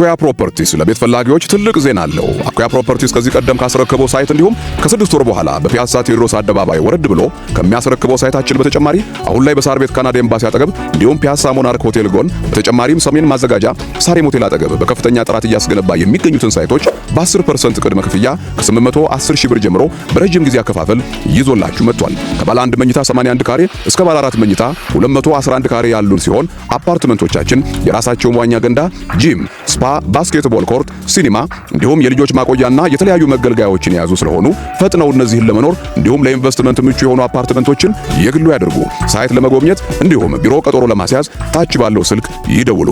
አኩያ ፕሮፐርቲስ ለቤት ፈላጊዎች ትልቅ ዜና አለው። አኩያ ፕሮፐርቲስ ከዚህ ቀደም ካስረከበው ሳይት እንዲሁም ከስድስት ወር በኋላ በፒያሳ ቴዎድሮስ አደባባይ ወረድ ብሎ ከሚያስረክበው ሳይታችን በተጨማሪ አሁን ላይ በሳር ቤት ካናዳ ኤምባሲ አጠገብ እንዲሁም ፒያሳ ሞናርክ ሆቴል ጎን በተጨማሪም ሰሜን ማዘጋጃ ሳሬም ሆቴል አጠገብ በከፍተኛ ጥራት እያስገነባ የሚገኙትን ሳይቶች በ10% ቅድመ ክፍያ ከ810 ሺህ ብር ጀምሮ በረጅም ጊዜ አከፋፈል ይዞላችሁ መጥቷል። ከባለ አንድ መኝታ 81 ካሬ እስከ ባለ አራት መኝታ 211 ካሬ ያሉን ሲሆን አፓርትመንቶቻችን የራሳቸው መዋኛ ገንዳ፣ ጂም፣ ስፓ ባስኬትቦል ኮርት፣ ሲኒማ እንዲሁም የልጆች ማቆያና የተለያዩ መገልገያዎችን የያዙ ስለሆኑ ፈጥነው እነዚህን ለመኖር እንዲሁም ለኢንቨስትመንት ምቹ የሆኑ አፓርትመንቶችን የግሉ ያደርጉ። ሳይት ለመጎብኘት እንዲሁም ቢሮ ቀጠሮ ለማስያዝ ታች ባለው ስልክ ይደውሉ።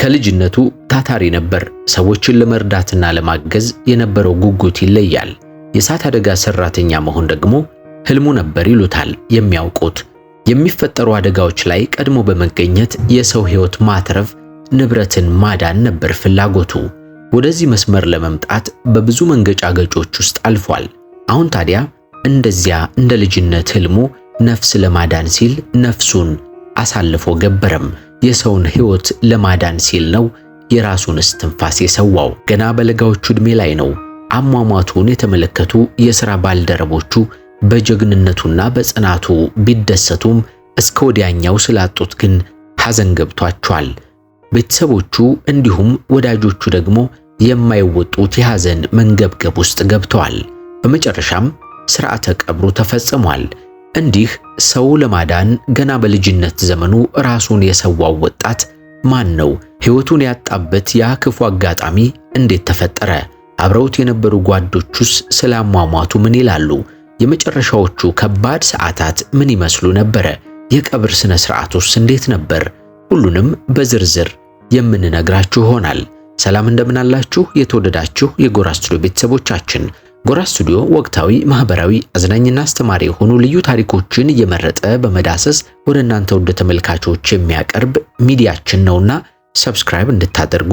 ከልጅነቱ ታታሪ ነበር። ሰዎችን ለመርዳትና ለማገዝ የነበረው ጉጉት ይለያል። የእሳት አደጋ ሰራተኛ መሆን ደግሞ ህልሙ ነበር ይሉታል የሚያውቁት። የሚፈጠሩ አደጋዎች ላይ ቀድሞ በመገኘት የሰው ህይወት ማትረፍ ንብረትን ማዳን ነበር ፍላጎቱ። ወደዚህ መስመር ለመምጣት በብዙ መንገጫገጮች ውስጥ አልፏል። አሁን ታዲያ እንደዚያ እንደ ልጅነት ህልሙ ነፍስ ለማዳን ሲል ነፍሱን አሳልፎ ገበረም። የሰውን ህይወት ለማዳን ሲል ነው የራሱን እስትንፋስ የሰዋው። ገና በለጋዎቹ ዕድሜ ላይ ነው። አሟሟቱን የተመለከቱ የሥራ ባልደረቦቹ በጀግንነቱና በጽናቱ ቢደሰቱም እስከ ወዲያኛው ስላጡት ግን ሐዘን ገብቷቸዋል። ቤተሰቦቹ እንዲሁም ወዳጆቹ ደግሞ የማይወጡት የሐዘን መንገብገብ ውስጥ ገብተዋል። በመጨረሻም ሥርዓተ ቀብሩ ተፈጽሟል። እንዲህ ሰው ለማዳን ገና በልጅነት ዘመኑ ራሱን የሰዋው ወጣት ማን ነው? ሕይወቱን ያጣበት ያ ክፉ አጋጣሚ እንዴት ተፈጠረ? አብረውት የነበሩ ጓዶቹስ ስላሟሟቱ ምን ይላሉ? የመጨረሻዎቹ ከባድ ሰዓታት ምን ይመስሉ ነበረ? የቀብር ሥነ ሥርዓቱስ እንዴት ነበር? ሁሉንም በዝርዝር የምንነግራችሁ ይሆናል። ሰላም እንደምናላችሁ የተወደዳችሁ የጎራ ስቱዲዮ ቤተሰቦቻችን። ጎራ ስቱዲዮ ወቅታዊ፣ ማህበራዊ፣ አዝናኝና አስተማሪ የሆኑ ልዩ ታሪኮችን እየመረጠ በመዳሰስ ወደ እናንተ ውድ ተመልካቾች የሚያቀርብ ሚዲያችን ነውና ሰብስክራይብ እንድታደርጉ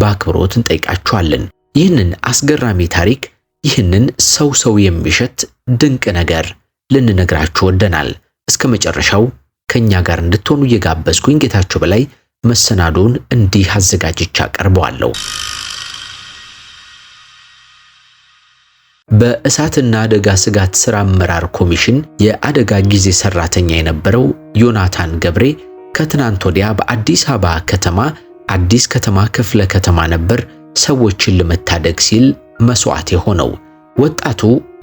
በአክብሮት እንጠይቃችኋለን። ይህንን አስገራሚ ታሪክ፣ ይህንን ሰው ሰው የሚሸት ድንቅ ነገር ልንነግራችሁ ወደናል። እስከ መጨረሻው ከኛ ጋር እንድትሆኑ እየጋበዝኩኝ ጌታቸው በላይ መሰናዶን እንዲህ አዘጋጅቻ ቀርበዋለሁ። በእሳትና አደጋ ስጋት ስራ አመራር ኮሚሽን የአደጋ ጊዜ ሰራተኛ የነበረው ዮናታን ገብሬ ከትናንት ወዲያ በአዲስ አበባ ከተማ አዲስ ከተማ ክፍለ ከተማ ነበር ሰዎችን ለመታደግ ሲል መስዋዕት የሆነው። ወጣቱ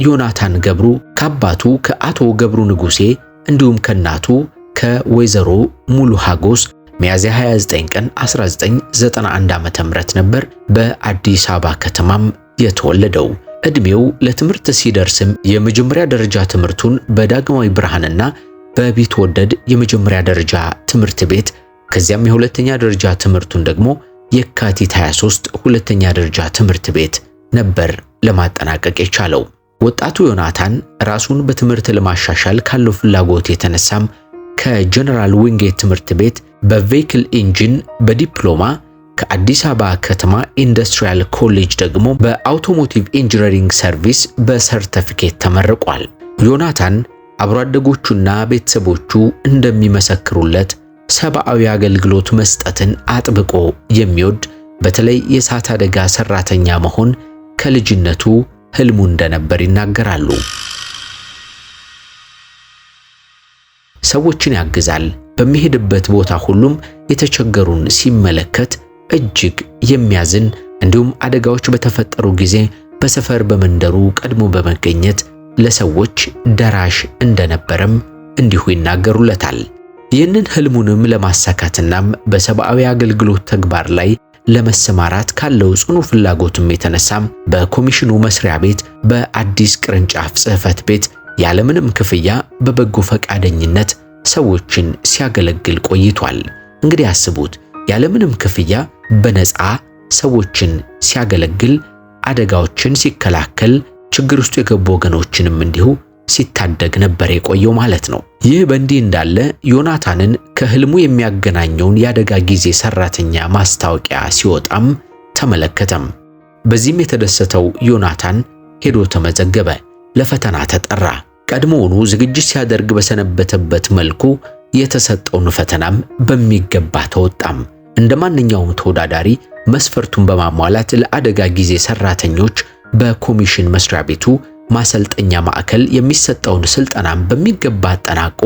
ዮናታን ገብሩ ከአባቱ ከአቶ ገብሩ ንጉሴ እንዲሁም ከእናቱ ከወይዘሮ ሙሉ ሚያዝያ 29 ቀን 1991 ዓ.ም ነበር በአዲስ አበባ ከተማም የተወለደው። እድሜው ለትምህርት ሲደርስም የመጀመሪያ ደረጃ ትምህርቱን በዳግማዊ ብርሃንና በቢትወደድ የመጀመሪያ ደረጃ ትምህርት ቤት ከዚያም የሁለተኛ ደረጃ ትምህርቱን ደግሞ የካቲት 23 ሁለተኛ ደረጃ ትምህርት ቤት ነበር ለማጠናቀቅ የቻለው። ወጣቱ ዮናታን ራሱን በትምህርት ለማሻሻል ካለው ፍላጎት የተነሳም ከጀነራል ዊንጌት ትምህርት ቤት በቬክል ኢንጂን በዲፕሎማ ከአዲስ አበባ ከተማ ኢንዱስትሪያል ኮሌጅ ደግሞ በአውቶሞቲቭ ኢንጂነሪንግ ሰርቪስ በሰርተፊኬት ተመርቋል። ዮናታን አብሮ አደጎቹና ቤተሰቦቹ እንደሚመሰክሩለት ሰብአዊ አገልግሎት መስጠትን አጥብቆ የሚወድ በተለይ የእሳት አደጋ ሰራተኛ መሆን ከልጅነቱ ህልሙ እንደነበር ይናገራሉ። ሰዎችን ያግዛል፣ በሚሄድበት ቦታ ሁሉም የተቸገሩን ሲመለከት እጅግ የሚያዝን እንዲሁም አደጋዎች በተፈጠሩ ጊዜ በሰፈር በመንደሩ ቀድሞ በመገኘት ለሰዎች ደራሽ እንደነበረም እንዲሁ ይናገሩለታል። ይህንን ህልሙንም ለማሳካትናም በሰብአዊ አገልግሎት ተግባር ላይ ለመሰማራት ካለው ጽኑ ፍላጎትም የተነሳም በኮሚሽኑ መስሪያ ቤት በአዲስ ቅርንጫፍ ጽህፈት ቤት ያለምንም ክፍያ በበጎ ፈቃደኝነት ሰዎችን ሲያገለግል ቆይቷል። እንግዲህ አስቡት ያለምንም ክፍያ በነፃ ሰዎችን ሲያገለግል አደጋዎችን ሲከላከል ችግር ውስጥ የገቡ ወገኖችንም እንዲሁ ሲታደግ ነበር የቆየው ማለት ነው። ይህ በእንዲህ እንዳለ ዮናታንን ከህልሙ የሚያገናኘውን የአደጋ ጊዜ ሰራተኛ ማስታወቂያ ሲወጣም ተመለከተም። በዚህም የተደሰተው ዮናታን ሄዶ ተመዘገበ፣ ለፈተና ተጠራ። ቀድሞውኑ ዝግጅት ሲያደርግ በሰነበተበት መልኩ የተሰጠውን ፈተናም በሚገባ ተወጣም። እንደ ማንኛውም ተወዳዳሪ መስፈርቱን በማሟላት ለአደጋ ጊዜ ሰራተኞች በኮሚሽን መስሪያ ቤቱ ማሰልጠኛ ማዕከል የሚሰጠውን ስልጠናም በሚገባ አጠናቆ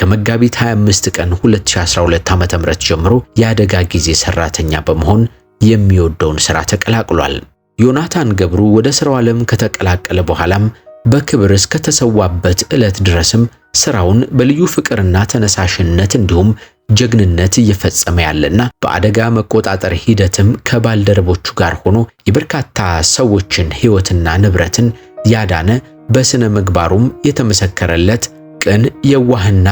ከመጋቢት 25 ቀን 2012 ዓ.ም ጀምሮ የአደጋ ጊዜ ሰራተኛ በመሆን የሚወደውን ስራ ተቀላቅሏል። ዮናታን ገብሩ ወደ ስራው ዓለም ከተቀላቀለ በኋላም በክብር እስከተሰዋበት ዕለት ድረስም ስራውን በልዩ ፍቅርና ተነሳሽነት እንዲሁም ጀግንነት እየፈጸመ ያለና በአደጋ መቆጣጠር ሂደትም ከባልደረቦቹ ጋር ሆኖ የበርካታ ሰዎችን ሕይወትና ንብረትን ያዳነ በስነ ምግባሩም የተመሰከረለት ቅን የዋህና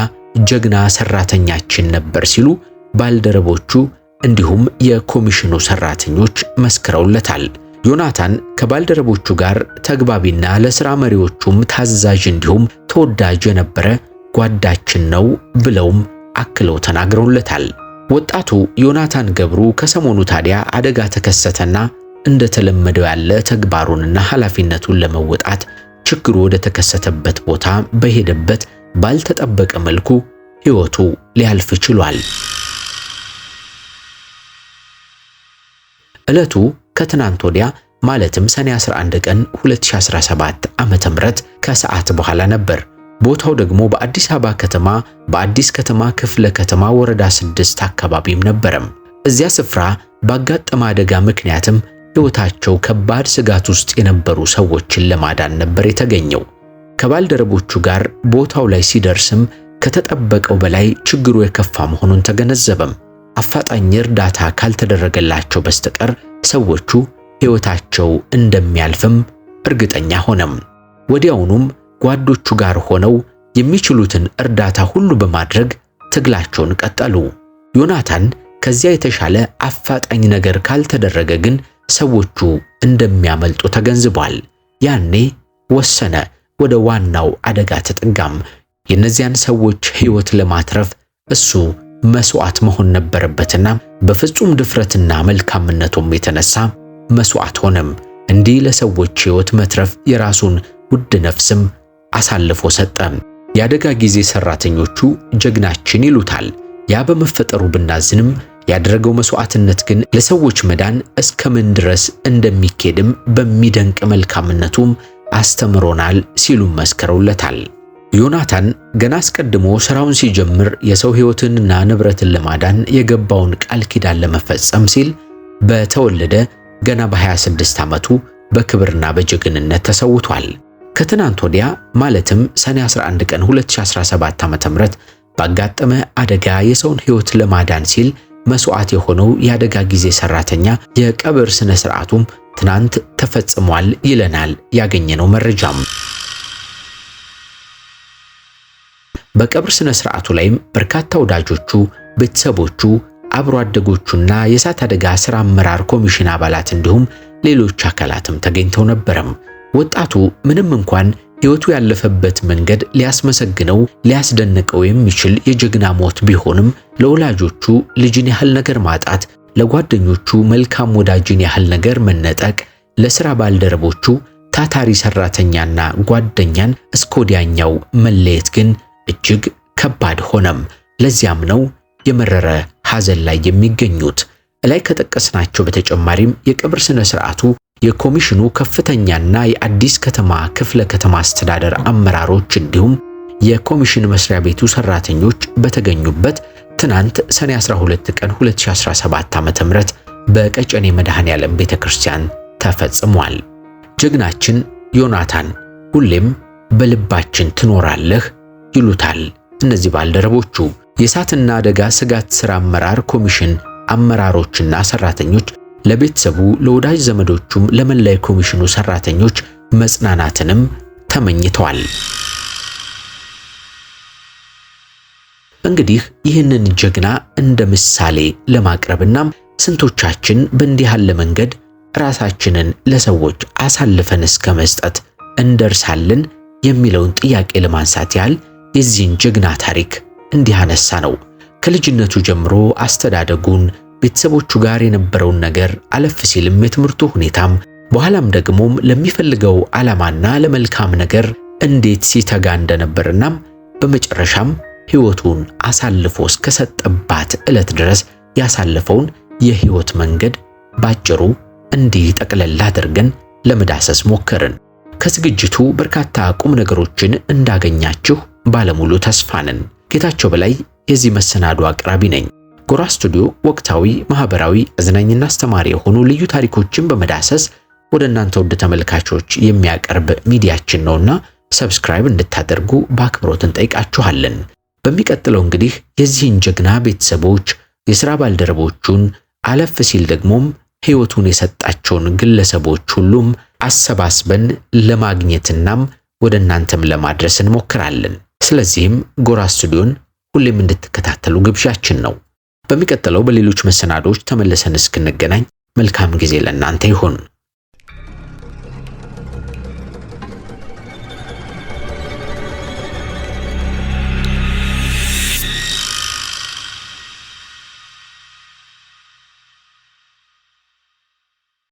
ጀግና ሰራተኛችን ነበር ሲሉ ባልደረቦቹ እንዲሁም የኮሚሽኑ ሰራተኞች መስክረውለታል። ዮናታን ከባልደረቦቹ ጋር ተግባቢና ለሥራ መሪዎቹም ታዛዥ እንዲሁም ተወዳጅ የነበረ ጓዳችን ነው ብለውም አክለው ተናግረውለታል። ወጣቱ ዮናታን ገብሩ ከሰሞኑ ታዲያ አደጋ ተከሰተና እንደተለመደው ያለ ተግባሩንና ኃላፊነቱን ለመወጣት ችግሩ ወደ ተከሰተበት ቦታ በሄደበት ባልተጠበቀ መልኩ ሕይወቱ ሊያልፍ ችሏል። ዕለቱ ከትናንት ወዲያ ማለትም ሰኔ 11 ቀን 2017 ዓመተ ምህረት ከሰዓት በኋላ ነበር። ቦታው ደግሞ በአዲስ አበባ ከተማ በአዲስ ከተማ ክፍለ ከተማ ወረዳ ስድስት አካባቢም ነበረም። እዚያ ስፍራ ባጋጠመ አደጋ ምክንያትም ሕይወታቸው ከባድ ስጋት ውስጥ የነበሩ ሰዎችን ለማዳን ነበር የተገኘው። ከባልደረቦቹ ጋር ቦታው ላይ ሲደርስም ከተጠበቀው በላይ ችግሩ የከፋ መሆኑን ተገነዘበም። አፋጣኝ እርዳታ ካልተደረገላቸው በስተቀር ሰዎቹ ሕይወታቸው እንደሚያልፍም እርግጠኛ ሆነም። ወዲያውኑም ጓዶቹ ጋር ሆነው የሚችሉትን እርዳታ ሁሉ በማድረግ ትግላቸውን ቀጠሉ። ዮናታን ከዚያ የተሻለ አፋጣኝ ነገር ካልተደረገ ግን ሰዎቹ እንደሚያመልጡ ተገንዝቧል። ያኔ ወሰነ። ወደ ዋናው አደጋ ተጠጋም። የእነዚያን ሰዎች ሕይወት ለማትረፍ እሱ መስዋዕት መሆን ነበረበትና በፍጹም ድፍረትና መልካምነቱም የተነሳ መስዋዕት ሆነም። እንዲህ ለሰዎች ሕይወት መትረፍ የራሱን ውድ ነፍስም አሳልፎ ሰጠ። የአደጋ ጊዜ ሰራተኞቹ ጀግናችን ይሉታል። ያ በመፈጠሩ ብናዝንም ያደረገው መስዋዕትነት ግን ለሰዎች መዳን እስከምን ድረስ እንደሚኬድም በሚደንቅ መልካምነቱም አስተምሮናል ሲሉም መስከረውለታል። ዮናታን ገና አስቀድሞ ስራውን ሲጀምር የሰው ሕይወትንና ንብረትን ለማዳን የገባውን ቃል ኪዳን ለመፈጸም ሲል በተወለደ ገና በ26 ዓመቱ በክብርና በጀግንነት ተሰውቷል። ከትናንት ወዲያ ማለትም ሰኔ 11 ቀን 2017 ዓ.ም ባጋጠመ አደጋ የሰውን ሕይወት ለማዳን ሲል መስዋዕት የሆነው የአደጋ ጊዜ ሰራተኛ የቀብር ስነ ስርዓቱም ትናንት ተፈጽሟል ይለናል ያገኘነው መረጃም በቀብር ስነ ስርዓቱ ላይም በርካታ ወዳጆቹ፣ ቤተሰቦቹ፣ አብሮ አደጎቹና የእሳት አደጋ ስራ አመራር ኮሚሽን አባላት እንዲሁም ሌሎች አካላትም ተገኝተው ነበረም። ወጣቱ ምንም እንኳን ህይወቱ ያለፈበት መንገድ ሊያስመሰግነው ሊያስደንቀው የሚችል የጀግና ሞት ቢሆንም ለወላጆቹ ልጅን ያህል ነገር ማጣት፣ ለጓደኞቹ መልካም ወዳጅን ያህል ነገር መነጠቅ፣ ለስራ ባልደረቦቹ ታታሪ ሰራተኛና ጓደኛን እስከወዲያኛው መለየት ግን እጅግ ከባድ ሆነም። ለዚያም ነው የመረረ ሐዘን ላይ የሚገኙት። እላይ ከጠቀስናቸው በተጨማሪም የቀብር ስነ ስርዓቱ የኮሚሽኑ ከፍተኛና የአዲስ ከተማ ክፍለ ከተማ አስተዳደር አመራሮች እንዲሁም የኮሚሽን መስሪያ ቤቱ ሰራተኞች በተገኙበት ትናንት ሰኔ 12 ቀን 2017 ዓ.ም በቀጨኔ መድኃኔዓለም ቤተክርስቲያን ተፈጽሟል። ጀግናችን ዮናታን ሁሌም በልባችን ትኖራለህ። ይሉታል። እነዚህ ባልደረቦቹ የእሳትና አደጋ ስጋት ሥራ አመራር ኮሚሽን አመራሮችና ሰራተኞች ለቤተሰቡ ለወዳጅ ዘመዶቹም ለመላይ ኮሚሽኑ ሰራተኞች መጽናናትንም ተመኝተዋል። እንግዲህ ይህንን ጀግና እንደ ምሳሌ ለማቅረብና ስንቶቻችን በእንዲህ ያለ መንገድ ራሳችንን ለሰዎች አሳልፈን እስከ መስጠት እንደርሳለን የሚለውን ጥያቄ ለማንሳት ያህል የዚህን ጀግና ታሪክ እንዲህ አነሳ ነው። ከልጅነቱ ጀምሮ አስተዳደጉን፣ ቤተሰቦቹ ጋር የነበረውን ነገር፣ አለፍ ሲልም የትምህርቱ ሁኔታም በኋላም ደግሞም ለሚፈልገው ዓላማና ለመልካም ነገር እንዴት ሲተጋ እንደነበርና በመጨረሻም ሕይወቱን አሳልፎ እስከሰጠባት ዕለት ድረስ ያሳለፈውን የሕይወት መንገድ ባጭሩ እንዲህ ጠቅለል አድርገን ለመዳሰስ ሞከርን። ከዝግጅቱ በርካታ ቁም ነገሮችን እንዳገኛችሁ ባለሙሉ ተስፋ ነን። ጌታቸው በላይ የዚህ መሰናዶ አቅራቢ ነኝ። ጎራ ስቱዲዮ ወቅታዊ፣ ማህበራዊ፣ አዝናኝና አስተማሪ የሆኑ ልዩ ታሪኮችን በመዳሰስ ወደ እናንተ ውድ ተመልካቾች የሚያቀርብ ሚዲያችን ነውና ሰብስክራይብ እንድታደርጉ በአክብሮት እንጠይቃችኋለን። በሚቀጥለው እንግዲህ የዚህን ጀግና ቤተሰቦች የሥራ ባልደረቦቹን አለፍ ሲል ደግሞም ሕይወቱን የሰጣቸውን ግለሰቦች ሁሉም አሰባስበን ለማግኘትናም ወደ እናንተም ለማድረስ እንሞክራለን። ስለዚህም ጎራ ስቱዲዮን ሁሌም እንድትከታተሉ ግብዣችን ነው። በሚቀጥለው በሌሎች መሰናዶዎች ተመልሰን እስክንገናኝ መልካም ጊዜ ለእናንተ ይሁን።